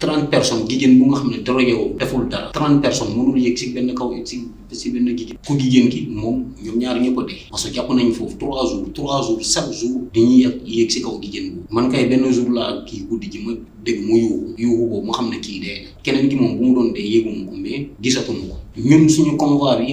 30 personnes jigéen bu nga xam ne drogué deful dara 30 personnes mënul yéeg si benn kaw si si benn jigéen ku jigéen ki moom ñoom ñaar ñëpp a dee parce que jàpp nañu foofu 3 jours 3 jours chaque jour dañuy yàgg yéeg si kaw jigéen boobu man kay benn jour laa kii guddi ji ma dégg mu yuuxu yuuxu boobu ma xam ne kii dee keneen ki moom bu mu doon dee yéeguma ko mais gisatuma ko ñun suñu convoi bi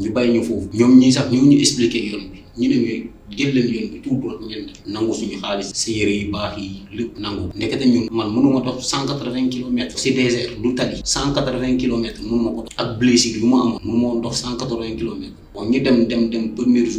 ñu bàyyi ñu foofu ñoom ñii sax ñoo ñu expliquer yoon bi ñu ne ñu jël leen yoon bi tout nangu suñu xaalis si yére baax yi lépp nangu ndekete ñun man mënuma dox cent quatre-vingts kilomètres si désert du tali cent quatre-vingts kilomètres mënuma ko ak blessure yu ma amoon mënuma dox cent quatre-vingts kilomètres bon ñu dem dem dem première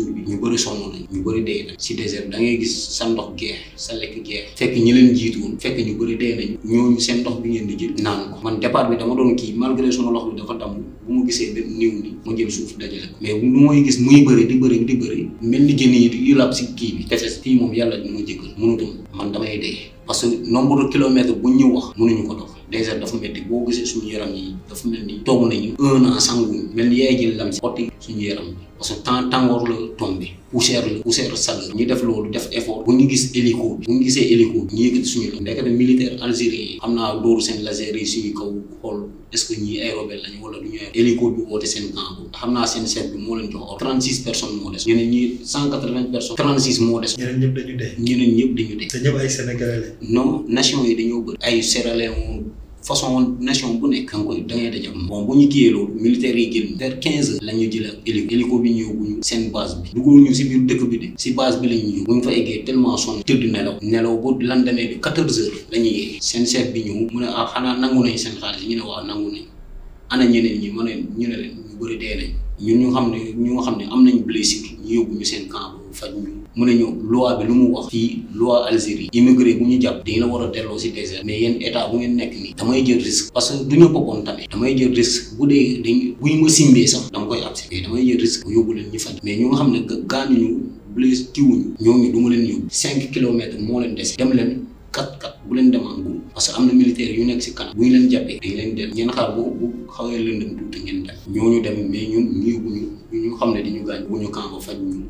si désert da ngay gis sa ndox geex sa lekk geex fekk ñi leen jiituwoon fekk ñu bëri dee nañu ñooñu seen ndox bi ngeen di jël naan ko man départ bi dama doon kii malgré suma loxo bi dafa damm bu mu gisee benn niw ni ma jël suuf dajale mais bu mooy gis muy bëri di bëri di bëri mel ni jën yi yu lab kii bi tefes fii moom yàlla ñu ma jëkkal mënutum man damay dee parce que nombre de kilomètres bu ñu wax mënuñu ko dox dèjà dafa métti boo gisee suñu yaram yi dafa mel ni toog nañu un an sanguñ mel ni yaay jël lam si xotti suñu yaram bi parce que temps tàngoor la tombé poussière la poussière sal ñu def loolu def effort bu ñu gis hélico bi bu ñu gisee hélico bi ñu yëkkati suñu la na militaire algérien yi xam naa dóoru seen laser yi suñu kaw xool est-ce que ñii aérobel lañu wala du ñu ay hélico bi woote seen camp bu xam naa seen seet bi moo leen jox or 36 personnes moo des ñeneen ñi 180 personnes 36 moo des ñeneen ñëpp dañu dee ñeneen ñëpp dañu dee te ñëpp ay sénégalais non nation yi dañoo bëri ay sénégalais façon nation bu nekk nga koy da boo dajal bu ñu kiyee loolu militaires yi génn vers quinze heures la ñu jëlee hélico hélico bi seen base bi si biir dëkk bi de si base bi la ñu ñëw fa eggee tellement sonn tëdd nelaw nelaw boo lan demee bi quatorze heures la ñu yee seen chef bi ñëw mu ne ah xanaa nangu nañ seen xaalis ñu ne waaw nangu nañ ana ñu ne leen ñu bëri dee nañ ñun ñu xam ne ñu xam ne am nañ blessé ñu yóbbu ñu seen camp faj ñu mu ñu loi bi lu mu wax fii loi algérie immigré bu ñu jàpp dañ la war a delloo si désert mais yéen état bu ngeen nekk nii damay jël risque parce que du ñu bokkoon tamit damay jël risque bu dee dañ bu ñu ma simbee sax dama koy mais damay jël risque bu yóbbu leen ñu faj mais ñu nga xam ne gaañu ñu blessé tiwuñu ñooñu du ma leen yóbbu cinq kilomètres moo leen dese dem leen kat kat bu leen dem angul parce que am na militaire yu nekk si kanam bu ñu leen jàppee dañ leen dem ngeen xaar bu bu xawee dem tuuti ngeen dem ñoo ñu dem mais ñun ñu ñu xam ne dañu gaañ bu ñu kàmba faj ñu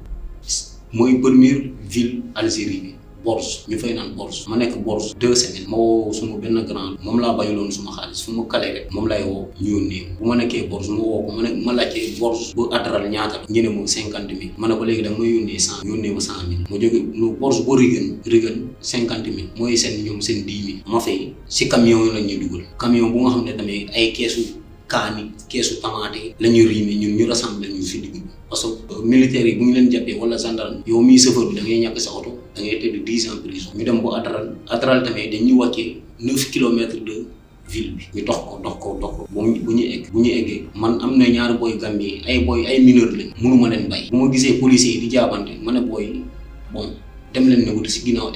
mooy première ville Algérie bi Bors ñu fay naan Bors ma nekk Bors deux semaines ma woo suma benn grand moom laa bayaloon suma xaalis fu ma kalee rek moom lay woo ñu yónnee bu ma nekkee Bors ma woo ko ma ne ma laajtee Bors bu Adral ñaata ñu ne moom cinquante mille man a ko léegi da nga ma yónnee cent yónnee ma cent mille ma jóge ñu Bors mooy seen ñoom seen dix mille ma fay si camion yi la ñuy dugal camion bu nga xam ne tamit ay keesu. kaani keesu tamaate lañu riime ñun ñu rassemble ñu si digg bi parce euh, yi bu ñu leen jàppee wala gendarme yow mii chauffeur bi da sa oto ñu dem ba Atral Atral tamit dañuy wàccee neuf de ñu dox ko ko dox ko bu ñu egg man am na ñaari booy Gambie ay booy ay mineur lañ mënuma leen bàyyi bu ma gisee policiers yi di jaabante si ginnaaw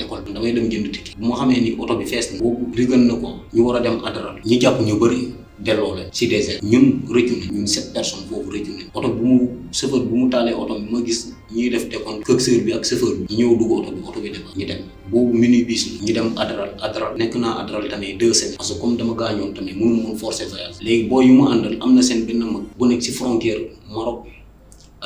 dem jënd ticket bu ma xamee ni oto bi fees na boobu rigal na ko ñu war a dem Atral ñu jàpp ñu bëri delloo leen si désert ñun rëccu nañ ñun sept personnes foofu rëccu oto bu mu chauffeur bu mu taalee oto bi ma gis ñuy def décompte coxeur bi ak chauffeur bi ñëw dugg oto bi oto bi dema ñu dem boobu minibus la ñu dem adral adral nekk naa adral tamit deux semaines parce que comme dama gaañoon tamit mënu moon forcé voyage léegi boo yu ma àndal am na seen benn mag bu nekk si frontière Maroc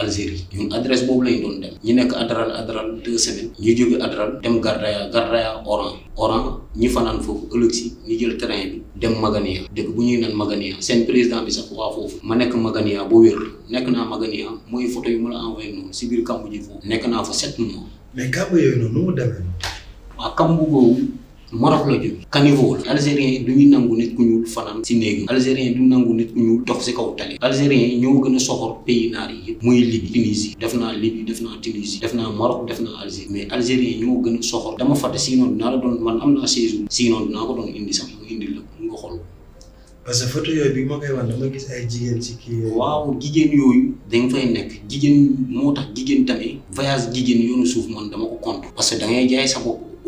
Algérie ñun adresse boobu lañu doon dem ñi nekk Adral Adral deux semaines ñu jóge Adral dem Gardaya Gardaya Oran Oran ñi fanaan foofu ëllëg si jël train bi dem Magania dëkk bu ñuy naan Magania seen président bi sax waa foofu ma nekk Magania ba wér nekk naa Magania mooy photo yu ma la envoyé noonu si biir kamb foofu nekk naa fa set mois mais kamb yooyu noonu nu mu demee waaw kamb Maroc la jóge caniveau la algérien yi du ñu nangu nit ku ñuul si néegi algérien yi nangu nit ku ñuul dox si kaw tali algérien yi ñoo gën a soxor pays naar yi muy Libye Tunisie def naa Libye def naa Tunisie def naa Maroc def naa Algérie mais algérien yi ñoo gën a soxor dama fàtte sinon dinaa la doon man am naa séjour sinon dinaa ko doon indi sama indi la nga xool parce que photo bi ma koy wax dama gis ay jigéen ci kii waaw jigéen yooyu dañ fay nekk jigéen moo tax jigéen tamit voyage jigéen yoonu suuf man dama ko parce que da ngay jaay sa bopp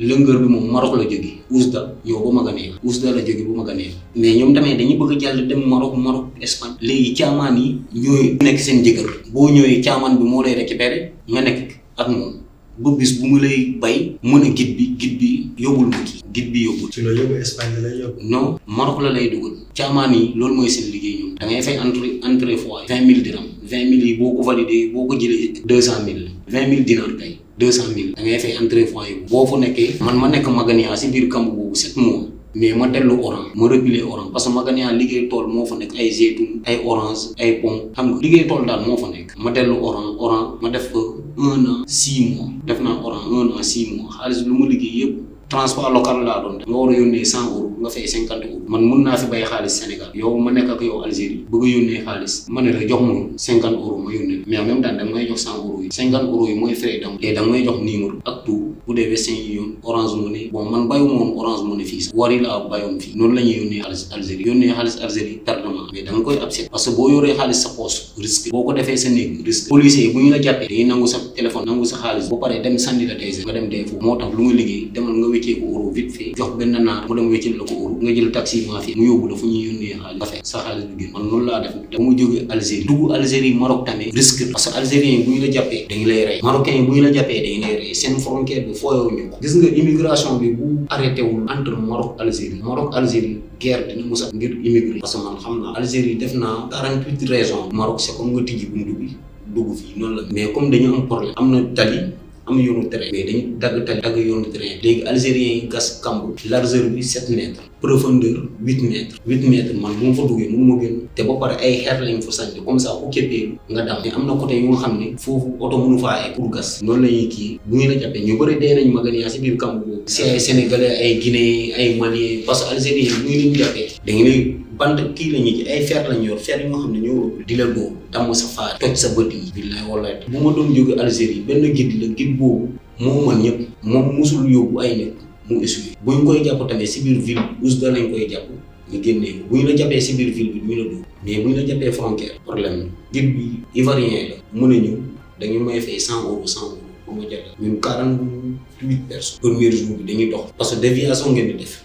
lëngër bi moom Maroc la jóge Ousda yow ba Maganeel Ousda la jóge bu Maganeel mais ñoom tamit dañu bëgg jàll dem Maroc Maroc Espagne léegi caamaan yi ñooy nekk seen jëkkër boo ñëwee caamaan bi moo lay bere nga nekk ak moom ba bis bu mu lay bay mën a git bi git bi yóbbul ma kii git bi yóbbul su la yóbbu Espagne lay yóbbu non Maroc la lay dugal caamaan yi loolu mooy seen liggéey ñoom da ngay fay entrée entrée fois vingt mille dirham vingt mille boo ko boo ko jëlee deux cent mille vingt mille dinar kay deux cent mille da ngay fay entrée foyer bu boo fa nekkee man ma nekk Magania si biir kamb boobu sept mois mais ma dellu orange ma reculer orange parce que Magania liggéey tool moo fa nekk ay zeytun ay orange ay pom xam nga liggéey tool daal moo fa nekk ma dellu orange orange ma def ko un an six mois def naa orange un an six mois xaalis lu ma liggéey yëpp transport local laa doon def war a yónnee cent euros nga fay cinquante euros man mun naa fi bay xaalis Sénégal yow ma nekk ak yow Algérie a yónnee xaalis jox ma cinquante euros ma yónnee da nga may jox cent euros yi cinquante euros da may jox numéro ak tout bu dee Western Union Orange Money bon man bayu moom Orange Money fii sax wari laa bayoon fii noonu la ñuy yónnee xaalis Algérie yónnee xaalis Algérie tardement mais da koy absent parce que boo yoree xaalis sa poche risque boo ko defee sa néeg risque policiers bu ñu la jàppee dañuy nangu sa téléphone nangu sa xaalis ba pare dem sànni la tey nga dem dee foofu moo tax lu nga liggéey demal nga wéccee ko euro vite jox benn naar mu dem wécceel la ko euro nga jël taxi maa fi mu yóbbu la fu ñuy yónnee xaalis dafe sa Algérie dugg Algérie la bu la jàppee dañu lay rey marocain seen frontière bi fooyoo ñu ko gis nga immigration bi bu arrêté wul entre Maroc Algérie Maroc Algérie guerre dina musa ngir immigré parce que man xam naa Algérie def naa quarante-huit raisons Maroc c'est nga tijji buntu bi dugg fii noonu la. mais comme dañu am problème am na tali am yoonu train. mais dañu dagg tali dagg yoonu train. léegi algériens yi gas kamb. largeur bi sept mètres. profondeur huit mètres. huit mètres man bu ma fa duggee mënu ma génn. te ba pare ay xeer lañ fa sànni comme ça ku képpee nga dam am na côté yu nga xam ne. foofu oto mënu faa ay pour gas. noonu la ñuy kii bu ñu la jàppee ñu bëri dee nañu Magania si biir kamb si ay sénégalais ay guinéens ay parce que bant kii la ñu ci ay fer lañu yor fer di la doo damm sa faar toj sa bët yi billaay wallaay bu ma doon jóge Algérie benn gid la gid boobu moo mën ñëpp moom musul yóbbu ay nit mu essuyer bu ñu koy jàpp tamit si biir ville Ousda lañ koy jàpp ñu génnee bu ñu la jàppee si biir ville bi ñu la dóor mais bu ñu la jàppee frontière problème la gid bi ivoirien la mu ne ñu dañu may fay cent euros cent euros pour ma jàpp ñun quarante huit personnes premier parce que déviation ngeen di def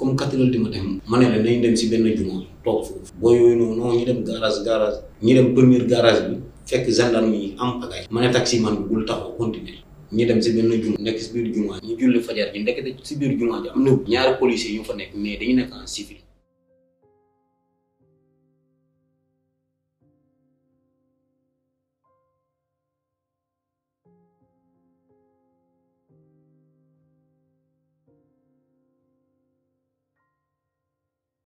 comme quatre heures du matin ma ne la dem si benn jumaa toog foofu boo yooyu noonu non ñu dem garage garage ñu dem premier garage bi fekk gendarme am pagaay ma ne taxi man bi tax taxaw continuer ñu dem si benn juma nekk si biir jumaa ñu julli fajar ji ndekete si biir jumaa ji am na ñaari policiers yu fa nekk mais dañu nekk en civil